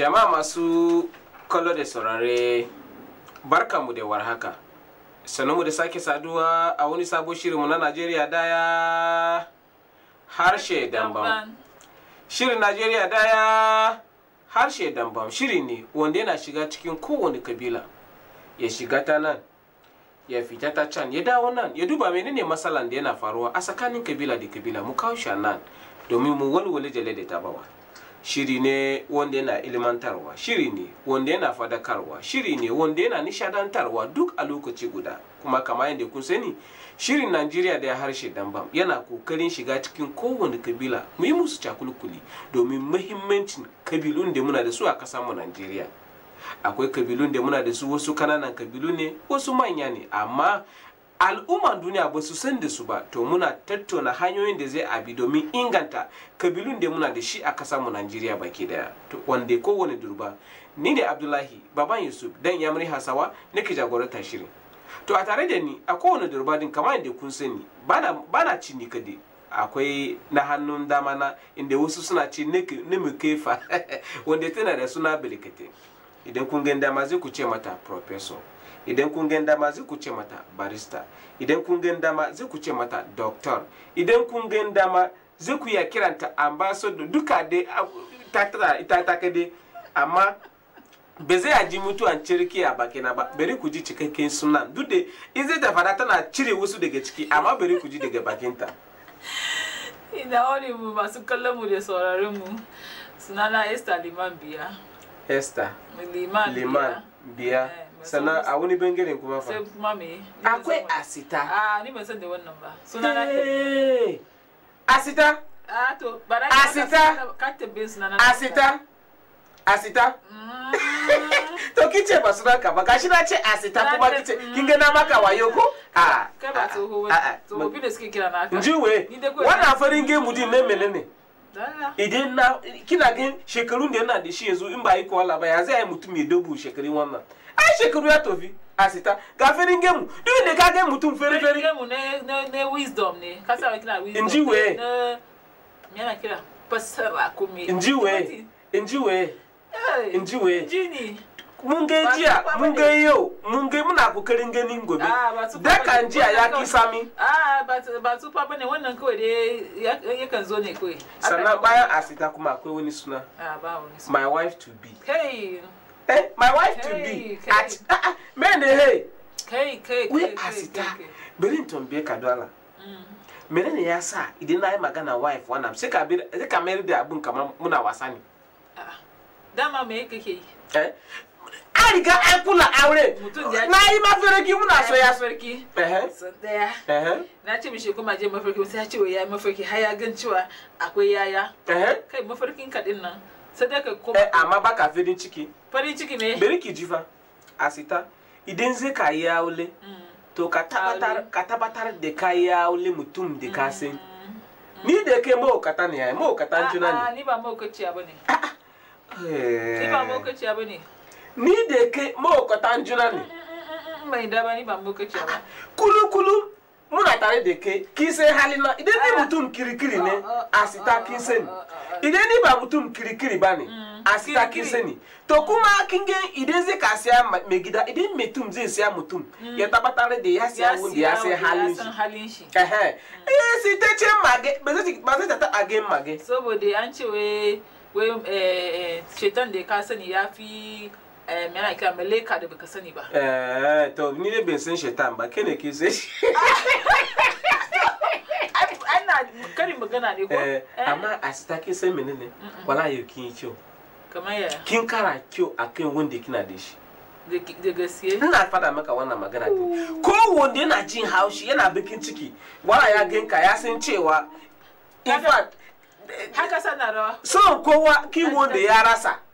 jama'a masu kallo da saurare mu da warhaka mu da sake saduwa a wani sabon mu na najeriya daya harshe dambam shirin najeriya daya harshe dambam shiri ne wanda yana shiga cikin kowane kabila ya shiga ta nan ya fita ta can ya dawo nan ya duba menene matsalan da yana faruwa a tsakanin kabila da kabila mu kawo nan domin mu walwale jale da tabawa shiri ne wanda yana ilimantarwa shiri ne wanda yana fadakarwa shiri ne wanda yana nishadantarwa duk a lokaci guda kuma kama yadda kun sani shirin najeriya da ya harshe dambam yana kokarin shiga cikin kowane kabila mu yi musu cakulkuli domin mahimmancin kabilun da muna da su a ƙasar mu najeriya akwai kabilun da muna da su wasu kananan kabilu ne wasu manya ne amma al'umman duniya ba su san da su ba to muna tattauna hanyoyin da zai abi domin inganta kabilun da muna da shi a kasar mu Najeriya baki daya to wanda kowane durba ni ne Abdullahi baban Yusuf dan Yamri Hasawa nake jagorantar shirin to a tare da ni a kowane durba din kamar yadda kun sani bana bana ci ni kadai akwai na hannun dama na inda wasu suna ci nemi kefa wanda tana da suna bilikate idan kun ga dama zai ku ce mata professor idan kun gan dama zai ku ce mata barista idan kun gan dama zai ku ce mata doctor idan kun gan dama zai ku ya kiranta ambassador duka dai ah, ita ta dai amma ba zai aji mutuwan cirki a bakina ba bari ku ji cikakken sunan duk da in zai tafada tana cire wasu daga ciki amma bari ku ji daga bakinta ina wani mu masu kallon mu da sauraron mu sunana esther liman biya esther liman, liman biya eh. sannan a wani bangaren kuma fa sai kuma me akwai asita a ah, ni ban san da wannan ba suna na asita a ah, to bara asita ka tabbe suna na asita asita mm. to kin ce ba sunan ka ba gashi na ce asita kuma kin kin ga na maka wayo ah, ko a kai ba tsoho ba to bi da suke kira na ka jiwe wannan farin din ne menene idan na kina ganin shekarun da yana da shi yanzu in ba yi ba ya zai yi mutum ya dubu shekarun wannan ai shekaru ya tofi asita sita ga ferin gemu duk ne ka gemu tun fere fere gemu ne ne ne wisdom ne ka sa kira wisdom inji we me na kira fasara ko me inji we inji we inji we jini mun ga jiya yo ga yau mun ga muna kokarin ni ngobe ah, da kan jiya ya ki sami ah, ba tufa bane wannan kawai dai yakan zo ne kawai sannan bayan asita kuma akwai ah, wani suna my wife to be hey Hey, eh, my wife to be. Ah, ah, ah, men, hey. We asita. Bellington be kadwala. Mm. Mere ne ya sa idi na magana wife wana sai ka bi sai ka mere da abun kamar muna wasa ne. Dama me yake ke? Eh. An riga an e kula aure. Na yi mafarki muna eh, so ya farki. Eh. So daya. Eh. Na ce mishi kuma je mafarki sai ya ce ya mafarki har ya gan cewa akwai yaya. Eh. Kai mafarkin ka din nan. sai dai ka koma eh amma baka ciki farin ciki me bari ki jifa asita idan zai ka yi aure mm. to da ka yi mutum da ka mm. Mm. ni da kai ne ai ah, juna ah, ne ni ba ni eh. ba ni da kai kulu kulu mụ na ke deke kise halina ide ni mutum kirikiri ne oh, oh, oh, asita kinse ni ide ni ba mutum kirikiri ba ne mm. asita kinse ni to kuma kinge ide zai ka siya megida ide metum zai siya mutum mm. ya tabbatar da ya siya wanda ya sai halin shi ehe eh si ta ce mage ba zai ta a mage saboda an ce we we eh shetan da ka sani ya fi eh yana kira malaika da baka sani ba eh to ni ne ban san shaitan ba kene ke sai ana karin magana ne ko eh, eh. amma a sita ke san menene wala yau kin yi kyau kamar ya kin kara kyau akan wanda kina da shi da gaske ina faɗa maka wannan magana din ko wanda yana jin haushi yana bikin ciki wala ya ganka ya san cewa in fact haka sanarwa son kowa kin wanda ya rasa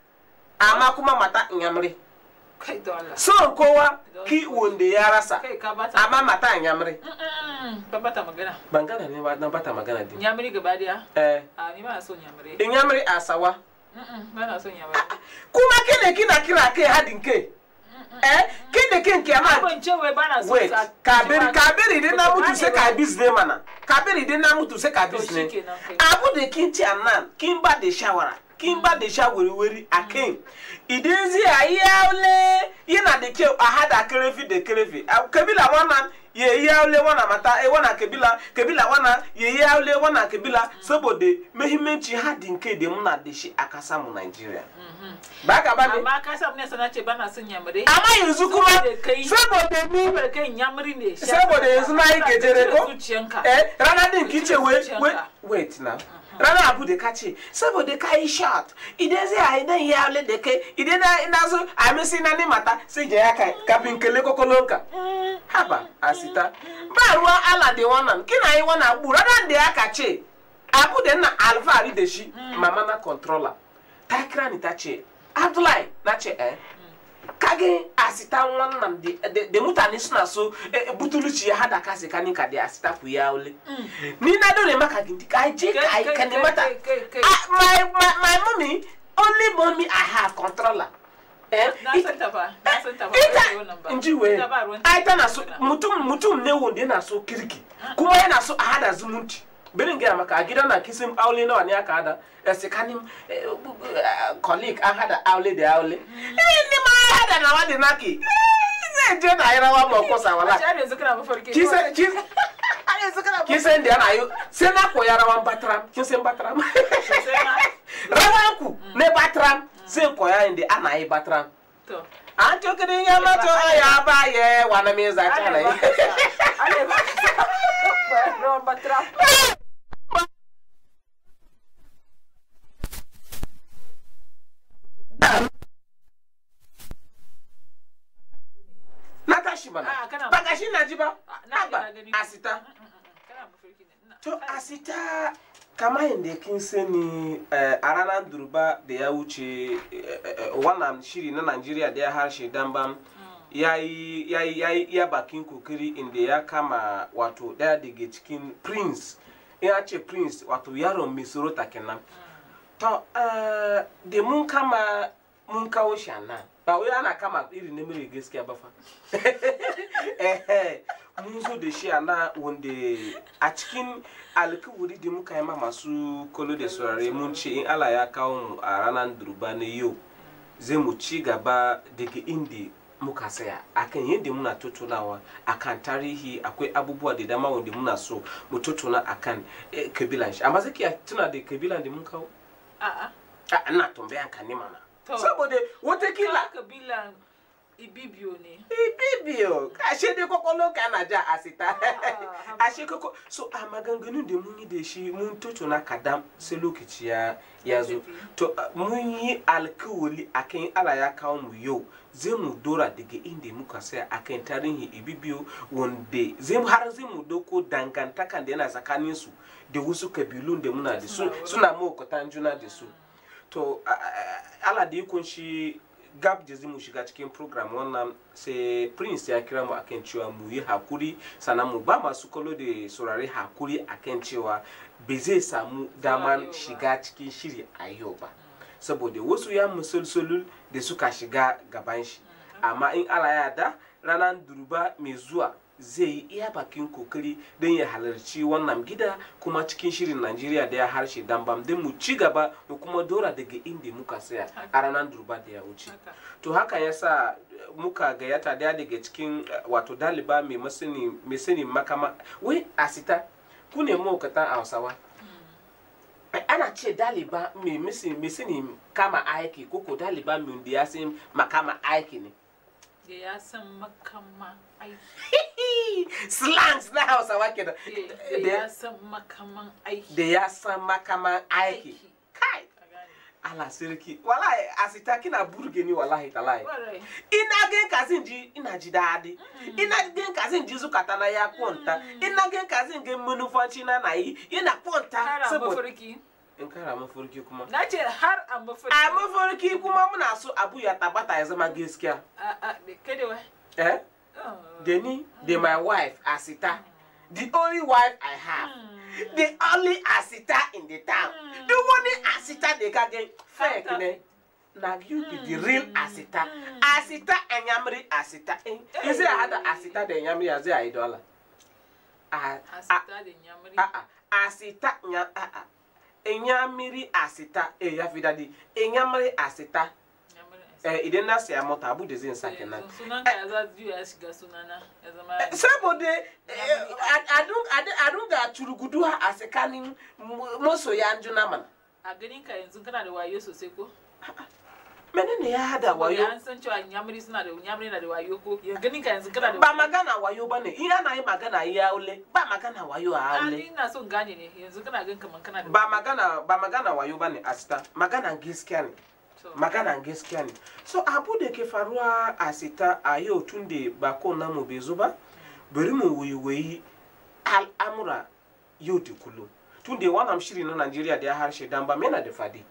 amma kuma mata in inyamri son kowa ki wanda ya rasa amma mata in ban bata magana ban gana ne ba na bata magana din inyamri gaba daya eh a ni ma son inyamri inyamri a sawa na son inyamri ah, kuma kene kina kira kai hadin ke eh kin da kin kenan ah, ban ce wai bana so sa kabiri kabiri din na mutu se ka bis ne mana kabiri din na mutu se ka bis abu de kin ci annan kin ba da shawara kimba desha were were akin idinzi ayaule yina de ke ahada kerefi de kerefi kabila wana ye yaule wana mata e eh, wana kabila kabila wana ye yaule wana kabila sobode mehimenchi ha di nke de mna deshi akasa mu Nigeria mm-hmm. ba ka ba ne ma akasa mu ne sana ce ba na sun yamre ama yanzu kuma sobode ni ba kai yamri ne sobode yanzu na yi gejere ko eh rana din kice wait wait now rana abudeka ce saboda ka yi shot idan na a idan ya hale da kai idan na zo a si na nemata sai ga ya kafin kele kokolonka haba asita ba ruwa ala da wannan na yi wannan abu rana da ya abu da na alfahari da shi hmm. mama na controller takra ni ta ce abdullahi na ce eh ka gị asịta nwa nnamdị demuta nishina so e, e, butuluchi ya ha dakasị ka ka dị asịta pụ ya ole mm. ninadore maka gị ndị ka je ka dị mata my mommy only mommy i have controller eh? eh, njiwe aịta na so mutum mutum ne wonde na so kirki ah. kuma yana so a hada zumunci birin gaya maka a gidan na kisim aure nawa ne aka hada eh, eh, eh, da colleague an hada aure da aure ni ma ya hada na wani naki zai mm. je na yi rawa ma kosa wala kisan kisan da yana yi sai na koya rawan batram kisan batram rawan ku mm. ne batram zai koya inda ana yi batram an cokirin yamato a ya baye wani mai zaka na yi Allez, va. kina ji ba asita to asita kama yadda kin sani eh, a ranar durba da ya wuce eh, eh, wannan shiri na najeriya da ya harshe dambam mm. ya yi ya bakin kokiri inda ya kama wato daya daga cikin prince ya ce prince wato yaron mai surota kenan mm. to da mun kama mun kawo shi nan ba wai ana kama irin namiri gaskiya ba fa mun zo da shi ana wanda a cikin alkawari da muka yi ma masu kolo da saurare mun ce in Allah ya kawo mu a ranar durba na yau zai mu ci gaba daga inda muka saya akan yadda muna tattaunawa akan tarihi akwai abubuwa da dama wanda muna so mu tattauna akan eh, kabilan shi amma zaki tuna da kabilan da mun kawo a'a na tambayan ka ne mana saboda watakila kabilan ibibio ne ibibio ashe dai kwakwalon ka ana ja asita ashe kako so a maganganun da mun yi da shi mun tattauna kadam sai lokaci ya to mun yi alkawali akan ala ya kawo mu yau zai mu dora daga inda muka saya akan tarihin ibibio wanda zai har zai mu doko dangantakan da yana tsakanin su da wasu kabilun da muna da su suna mawakatan juna da su to ala da ikon shi gab da zai mu shiga cikin program wannan sai prince ya kira mu akan cewa mu yi hakuri sannan mu ba masu kallo da surare hakuri akan cewa bai zai samu daman shiga cikin shiri a yau ba saboda wasu ya musulsulul da suka shiga gaban shi mm. amma in ala ya da ranar duruba mai zuwa zai iya bakin kokari don ya halarci wannan gida kuma cikin shirin najeriya da ya harshe dambam don mu ci gaba mu kuma dora daga inda muka saya a ranar durba da ya wuce to haka ya sa eh, muka gayyata daya daga cikin eh, wato daliba mai sani makama wai sita ku ne maukata a hausawa hmm. ana ce daliba mai sani kama aiki koko daliba mai da ya makama aiki ne ya san makama aiki slangs na hausawa ke da ya san makaman aiki da ya san makaman aiki kai ala sirki wallahi asita kina burge ni wallahi talai ina gen kazin ji ina ji dadi mm. ina gen kazin ji kata na ya konta mm. ina gen kazin gen manufanci na na yi ina sabo saboda in kara furki kuma na ce har a furki a furki kuma muna so abu ya tabata ya zama gaskiya a a kada wa eh they need they my wife asita the only wife i have the only asita in the town the only asita they can get fake ne na you be the real mm. asita mm. asita Yamri, asita eh? you say i had asita the Yamri, as i dollar asita the Yamri. asita Yamri, asita eh ya fi dadi enyamiri eh, asita Eh, idan na saya mota abu da zan sa eh, kenan sunanka ya eh, za a shiga sunana ya zama saboda a dunga turgudu a tsakanin masoya juna mana a ganin ka yanzu kana da wayo sosai ko menene ya hada wayo an san cewa nyamiri suna da nyamiri na da wayo ko ganin ka yanzu kana da ba magana wayo bane in ana yi magana ya aule ba magana wayo a aule ah, ina so gane ne yanzu kana gan kaman kana da ba magana ba magana wayo bane asta magana gaskiya ne maganan gaskiya ne so abu da ke faruwa a sita a yau tun da bakon namu bai zo ba bari mu wuyi al'amura yau da kullum tun da wannan shiri na najeriya da ya harshe dan ba mena da fadi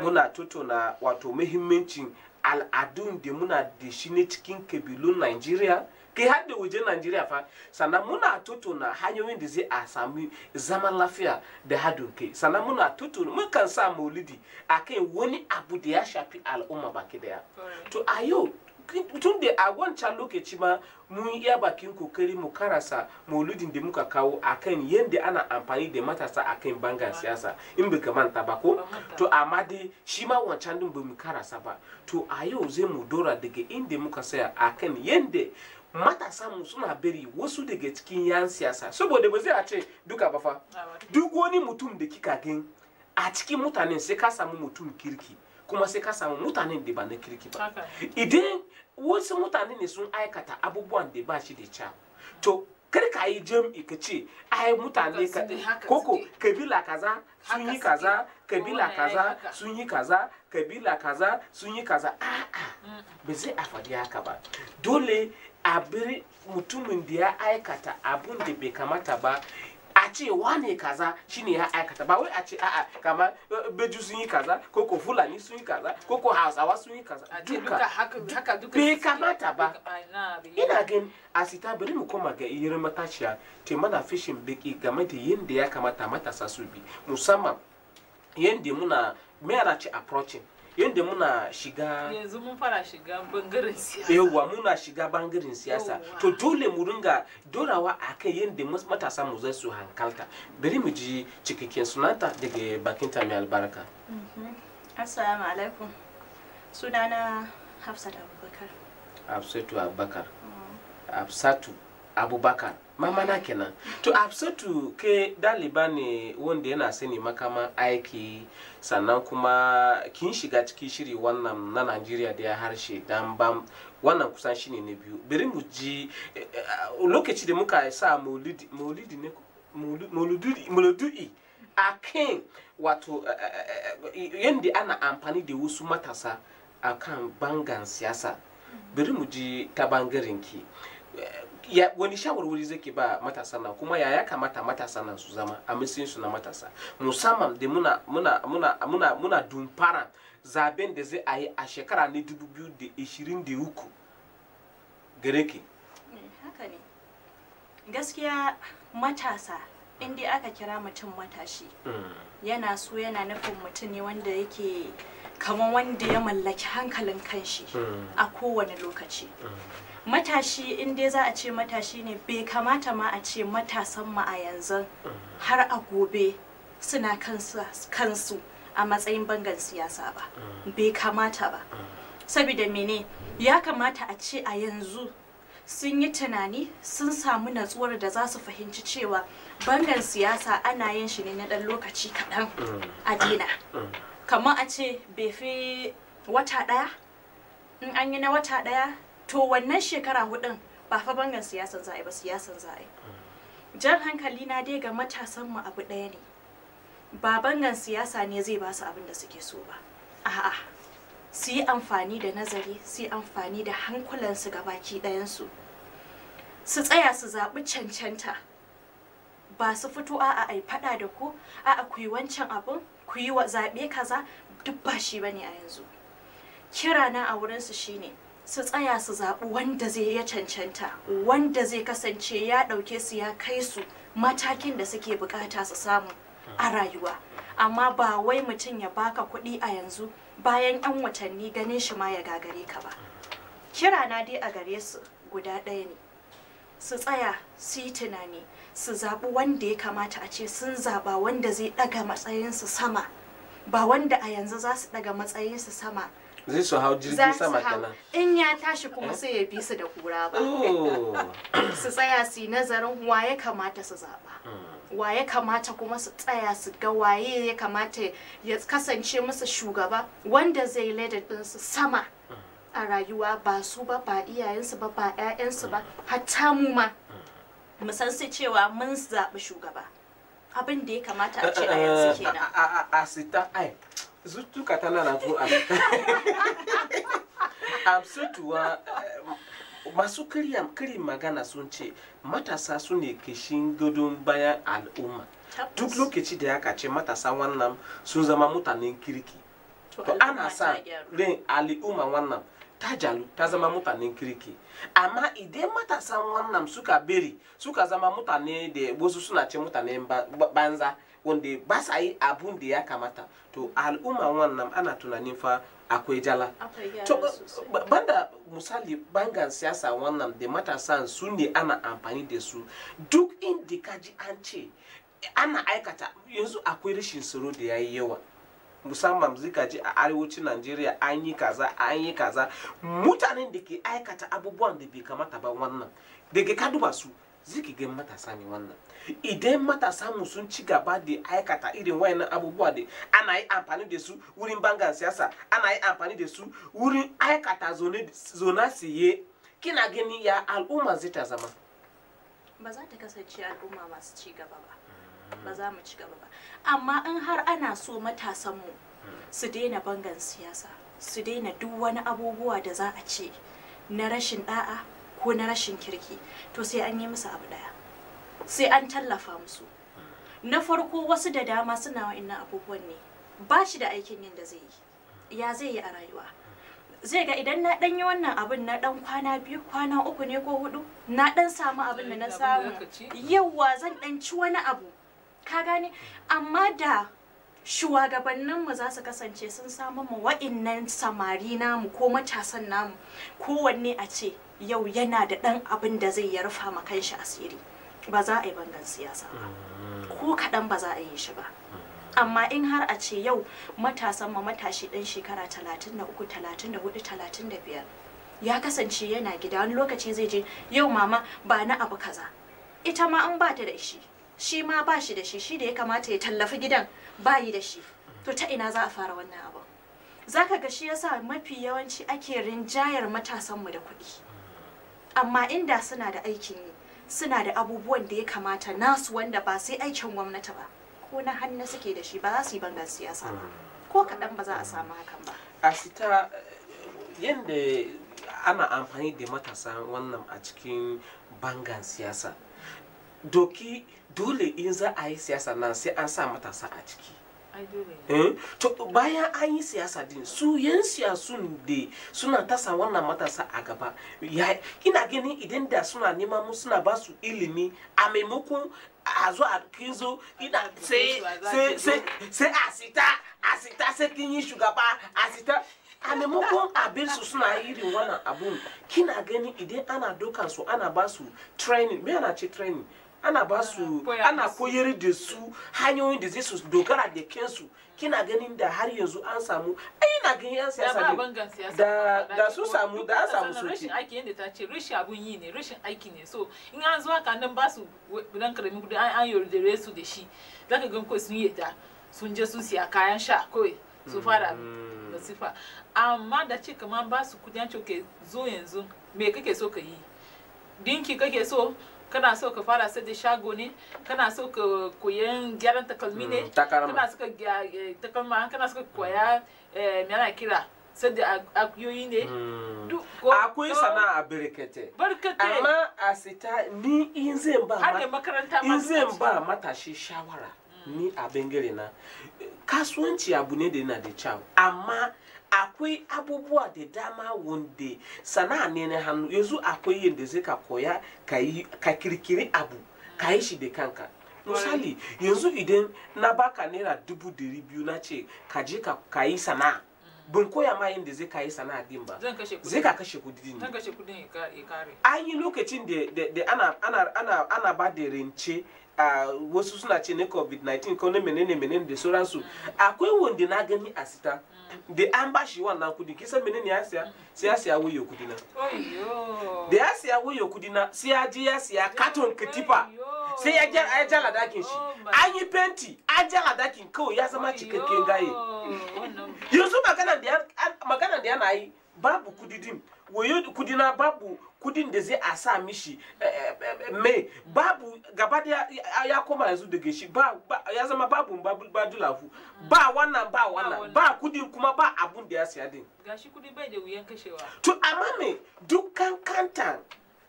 muna tattauna wato muhimmancin al'adun da muna da shi ne cikin kabilun najeriya kai har da wajen Najeriya fa sannan muna tutuna hanyoyin da zai a sami zaman lafiya da hadin kai sannan muna tutuna mukan sa maulidi akan wani abu da ya shafi al'umma baki daya to a yau tun da a wancan lokaci ma mun iya bakin kokari mu karasa mauludin da muka kawo akan yadda ana amfani da matasa akan bangan siyasa in bai manta ba ko to amma dai shi ma wancan din bai mu karasa ba to a yau zai mu dora daga inda muka saya akan yadda matasa mu suna bari wasu daga cikin yan siyasa saboda ba zai a ce duka ba fa duk wani mutum da kika gan a cikin mutanen sai ka samu mutum kirki kuma sai ka samu mutanen da ba na kirki ba idan wasu mutane ne sun aikata abubuwan da ba shi da ca to kar ka yi jam'i ka ce ai mutane ka koko kabila kaza sun yi kaza kabila kaza sun yi kaza kabila kaza sun yi kaza a'a mm. ba zai a faɗi haka ba dole abin mutumin da ya aikata abin da bai kamata ba a ce wane kaza shine ya aikata ba wai a ce a'a kama eh, beju sun yi kaza ko fulani sun yi kaza ko ko hausawa sun yi kaza duka bai kamata ba ina a asita bari mu koma ga irin matashiya te mana fishin biki game da da ya kamata matasa su bi musamman da muna mera ce approaching yadda muna shiga yanzu mun fara shiga bangaren siyasa yawa muna shiga bangaren siyasa to dole mu ringa dorawa akan yadda matasa mu zai su hankalta bari mu ji cikakken sunanta daga bakinta mai albarka mhm. assalamu alaikum sunana hafsat abubakar hafsatu abubakar mhm. hafsatu abubakar mamana kenan to absatu ke daliba ne wanda yana sani makaman aiki sannan kuma kin shiga cikin shiri wannan na najeriya da ya harshe dan bam wannan kusan shine na biyu bari mu ji eh, lokaci da muka sa maulidi ne maulidi a kan wato eh, eh, yadda ana amfani da wasu matasa a kan bangan siyasa bari mu ji ta bangaren ki ya wani shawarwari zai ba matasan nan kuma ya ya kamata matasan nan su zama a su na matasa musamman da muna muna muna muna muna dumfara zaben da zai a yi a shekara ne 2023 gare ki eh, haka ne gaskiya matasa inda aka kira mutum matashi mm. yana so yana nufin mutum ne wanda yake kamar wanda ya mallaki hankalin kanshi mm. a kowane lokaci mm. matashi in dai za a ce matashi ne bai kamata ma a ce matasan mu a yanzu har a gobe suna kansu a matsayin bangar siyasa ba bai kamata ba saboda mene ya kamata a ce a yanzu sun yi tunani sun samu natsuwar da za su fahimci cewa bangan siyasa ana yin shi ne na ɗan lokaci kaɗan a dina kamar a ce bai fi wata ɗaya in an yi na wata ɗaya to wannan shekara hudun ba fa bangan siyasan za ba siyasan za jan hankali na dai ga matasan mu abu ɗaya ne ba bangan siyasa ne zai ba su abin da suke so ba a'a su yi amfani da nazari su yi amfani da hankulansu ga baki ɗayansu su tsaya su zaɓi cancanta ba su fito a'a ai faɗa da ku a'a ku yi wancan abin ku yi zaɓe kaza duk ba shi bane a yanzu kirana a wurinsu shine su tsaya su zaɓi wanda zai ya cancanta wanda zai kasance ya ɗauke su ya kai su matakin da suke bukata su samu a rayuwa amma ba wai mutum ya baka kuɗi a yanzu bayan 'yan watanni ganin shi ma ya gagare ka ba kira na dai a gare su guda ɗaya ne su tsaya su yi tunani su zaɓi wanda ya kamata a ce sun zaɓa wanda zai ɗaga matsayinsu sama ba wanda a yanzu za su ɗaga matsayinsu sama zai su hau jirgin sama kenan in ya tashi kuma sai ya bi su da kura ba su tsaya su yi nazarin wa ya kamata su zaba wa ya kamata kuma su tsaya su ga waye ya kamata ya kasance musu shugaba wanda zai leda ɗinsu sama a rayuwa ba su ba ba iyayensu ba ba 'ya'yansu ba hatta mu ma mu san su cewa mun zaɓi shugaba abin da ya kamata a ce a yanzu kenan a zutuka tana na zuwa amsatuwa masu kiri magana sun ce matasa su ne kishin baya bayan al'umma duk lokaci da ya kace matasa wannan sun zama mutanen kirki to ana sa rin al'umma wannan tajalu jalu ta zama mutanen kirki amma idan matasan wannan suka beri suka zama mutane da wasu suna ce mutane banza wanda ba sa yi abun da ya kamata to al'umma wannan ana tunanin fa akwai jala to banda misali bangan siyasa wannan da matasan su ne ana amfani da su duk inda kaji an ce ana aikata yanzu akwai rashin tsaro da ya yi yawa musamman zika ji a arewacin najeriya an yi kaza an yi kaza mutanen da ke aikata abubuwan da bai kamata ba wannan daga ka duba su ziki ga matasa ne wannan idan matasa mu sun ci gaba da aikata irin wayannan abubuwa da ana yi amfani da su wurin bangan siyasa ana yi amfani da su wurin aikata zona siye kina gani ya al'umma zai ta zama ba za ta kasance al'umma masu ci gaba ba mm. ba za mu ci gaba ba amma in har ana so matasan mu su daina bangan siyasa su daina duk wani abubuwa da za a ce na rashin da'a ko na rashin kirki to sai an yi musu abu daya sai an tallafa musu na farko wasu da dama suna wa'annan abubuwan ne ba shi da aikin yin da zai yi ya zai yi a rayuwa zai ga idan na dan yi wannan abin na dan kwana biyu kwana uku ne ko hudu na dan samu abin da na samu yawa zan dan ci wani abu ka gane amma da shugabanninmu za su kasance sun samu mu wa'innan samari namu ko matasan namu kowanne a ce yau yana da ɗan abin da zai yarfa rufa ma kanshi asiri ba za a yi bangan siyasa ba mm. ko kaɗan ba za a yi shi ba mm. amma in har a ce yau matasan ma matashi ɗan shekara 33 34 35 ya kasance yana gida wani lokaci zai je yau mama ba na abu kaza ita ma an bata da shi shi ma ba shi da shi shi da ya kamata ya tallafi gidan bayi da shi to ta ina za a fara wannan abu zaka ga shi yasa mafi yawanci ake rinjayar matasanmu da kuɗi amma inda suna da aikin yi suna da abubuwan da ya kamata nasu wanda ba sai aikin gwamnati ba ko na hannu suke da shi ba za su yi bangar siyasa ba ko kaɗan ba za a samu hakan ba a sita yadda ana amfani da matasa wannan a cikin bangan siyasa doki dole in za a yi siyasa nan sai an sa matasa a ciki Eh? to bayan an yi siyasa din su yan siyasun da suna tasa wannan matasa a gaba ina ganin idan da suna nema mu suna ba su ilimi a maimakon a zo a kin ina sai a sita a sita sai kin yi shugaba a sita a maimakon abin su suna irin wannan abun kina gani idan ana dokan su ana ba su training me ana ce training ana ba su ana koyar da su hanyoyin da zai su dogara da kansu kina ganin da har yanzu an samu ai na ganin an siyasa da da su samu da an samu su rashin aiki yanda ta ce rashin abun yi ne rashin aiki ne so in an zuwa ka nan ba su dan karamin gudu an an da resu da shi zaka ga ko sun yadda sun je sun siya kayan sha kawai su mm-hmm. fara masifa amma da ce kamar ba su kudi an ce zo yanzu me kake so ka yi dinki kake so kana so ka fara sai da shago ne kana so ka koyan gyaran takalmi ne mm, kana so ka eh, takalma kana so ka koya eh, me ana kira sai da akuyoyi ne sana a birkete amma a sita ni in zan ba in zan ba matashi shawara mm. ni a bangare na kasuwanci abu ne da yana da kyau amma akwai abubuwa da dama wanda sana'a ne na hannu yanzu akwai yadda zai ka koya ka kirkiri abu ka yi shi da kanka misali yanzu idan na baka naira dubu dari biyu na ce ka je ka yi sana'a ban koya ma yin da zai kayi sana din ba zai ka kashe kudi ne kashe ne kare an lokacin da ana ana ana ana ba da rance a wasu suna ce na covid-19 ko na menene menene da sauransu akwai wanda na gani a sita mm. da an ba shi wannan kudi kisa menene ya siya mm. sai ya siya wuyo kudi na da ya siya wuyo kudi na sai ya je ya siya katon katifa sai ya gyara ya jala dakin shi oh an yi fenti a jala dakin kawai ya zama cikakken gaye yanzu magana da yana yi babu kudidin wayo kudina babu kudin da zai a sa mishi eh, eh, eh, mai babu gaba da ya koma yanzu daga shi ya zama babu badulafu hmm. ba wannan ba wannan ba kudi kuma ba abun da ya siya din gashi kudi bai da wuyan kashewa to amma me dukkan kantan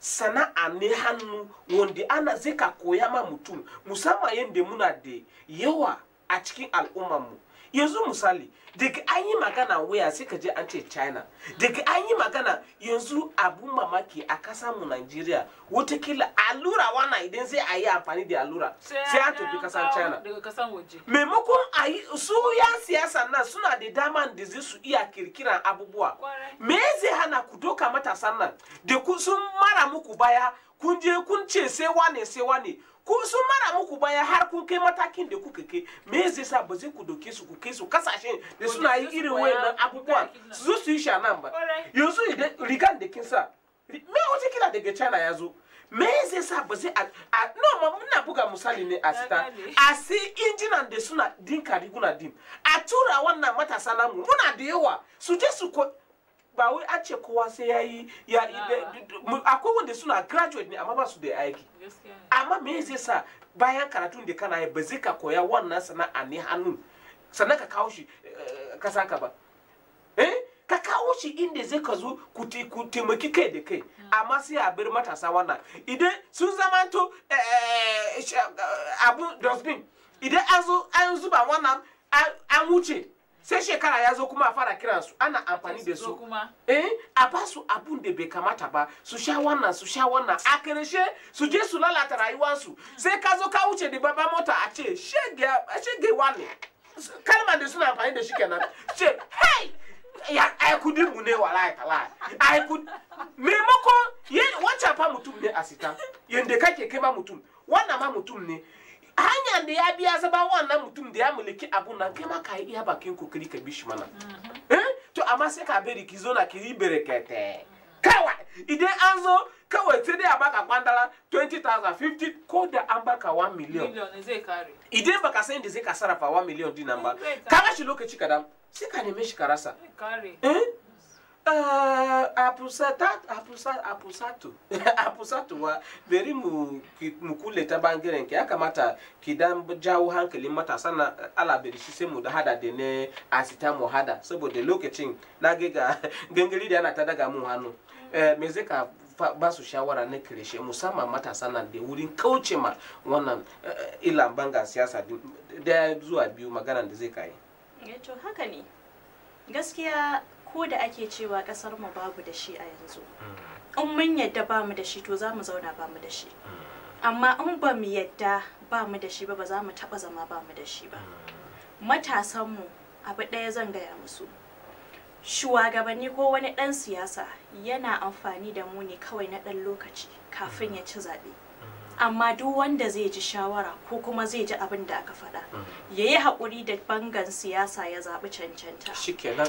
sana ne hannu wanda ana zai ka koya ma mutum musamman yadda muna da yawa a cikin al'ummarmu mu yanzu misali daga an yi magana waya sai ka je an ce china daga an yi magana yanzu abun mamaki a kasa mu nigeria watakila allura wana idan sai a yi amfani da allura sai an tafi kasan china maimakon a yi su yan siyasa nan suna da dama da zai su iya kirkiran abubuwa me zai hana ku doka matasan nan da sun mara muku baya kun je kun ce sai wane sai wane ku sun mara muku baya har kun kai matakin da kuka kai me zai sa ba zai ku doke su ku kai su kasashe da suna yi irin wayannan abubuwa su su yi shanan ba yanzu idan rigan da kin sa me wata kila daga china ya zo me zai sa ba zai a no ma muna buga misali ne a sita a si injinan da suna dinka riguna din a tura wannan matasa namu muna da yawa su je su ko ba wai a ce kowa sai ya yi akwai wanda suna graduate ne amma ba su da aiki amma me zai sa bayan karatun da kana yi ba zai ka koya wannan sana'a ne hannu sannan ka kawo shi eh, ka saka ba eh ka kawo shi inda zai ka zo ku taimaki kai da kai amma sai a bar matasa wannan idan sun to eh, eh, abu dustbin idan an an zuba wannan an wuce sai shekara ya zo kuma a fara kiran su ana amfani da su eh a ba su abun da bai kamata ba su sha wannan su sha wannan a karshe su je su lalata rayuwarsu sai ka zo ka wuce da babban mota a ce shege wani kalmar da suna amfani da shi kenan ce hey ya ai ku mu ne wallahi talai ai kud maimakon wancan fa mutum ne a sita yanda kake kai ma mutum wannan ma mutum ne hanya da ya biya zaba wannan mutum da ya mulki abun nan kai ma ka yi iya bakin kokari ka bishi mana mm-hmm. eh? to amma sai ka bari ki zo na ki yi kete kawai idan an zo kawai sai dai a baka kwandala 20,000 50 ko da an baka 1 miliyan idan baka san da zai ka sarrafa 1 million dinan ba ka shi lokaci kadan sai ka neme shi ka rasa eh Uh, apusatu wa beri mu kuleta bangaren ki ya kamata ki dan jawo hankalin matasa na alabari shi sai mu da hada da ne asita saboda lokacin na ga gangari da yana ta daga mun hannu eh, me ka basu shawara na kirishe musamman matasa na da wurin kauce ma wannan eh, ilan banga siyasa da zuwa biyu magana da zai kayi. haka ne gaskiya ko da ake cewa kasar mu babu da shi a yanzu mm. in mun yadda ba mu da shi to za mu zauna ba mu da shi mm. amma in ba mu yadda ba mu da shi ba ba za mu taba zama ba mu da shi ba mm. matasan mu abu ɗaya zan gaya musu shugabanni ko wani ɗan siyasa yana amfani da mu ne kawai na ɗan lokaci kafin ya ci zaɓe amma duk wanda zai ji shawara ko kuma zai ji abin da aka faɗa mm. ya yi haƙuri da bangan siyasa ya zaɓi cancanta shikenan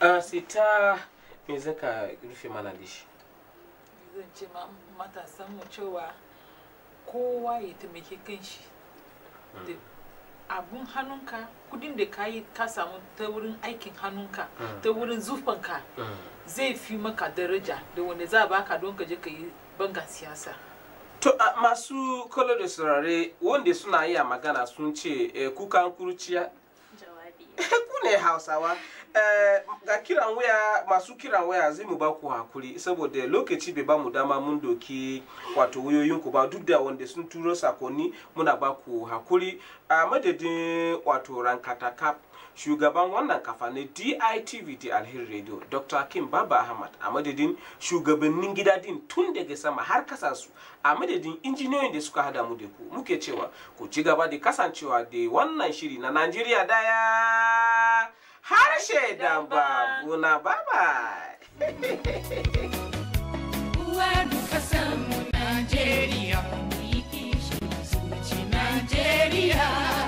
a sita me zaka rufe mana dishi zan ce matasan mu cewa kowa ya taimaki kanshi mm. abun hannunka kudin da ka ka samu ta wurin aikin hannunka mm. ta wurin zufanka zai fi maka daraja da wanda za a baka don ka je ka yi bangan siyasa To masu kalo da surare wanda suna iya magana sun ce eh, kukan kurciya. Ku ne Hausawa. Eh, ga kiran waya masu kiran waya zai mu ba ku hakuri saboda lokaci bai ba mu dama mun doki wato wayoyinku ba duk da wanda sun turo sakonni muna ba ku hakuri a madadin wato rankata kap. shugaban wannan kafa ne DITV da Alheri Radio Dr. kim Baba Ahmad a madadin shugabannin gida din tun daga sama har kasa su a madadin injiniyoyin da suka hada mu da ku muke cewa ku ci gaba da kasancewa da wannan shiri na Najeriya daya harshe da babuna baba Uwa Najeriya, mu yi Najeriya.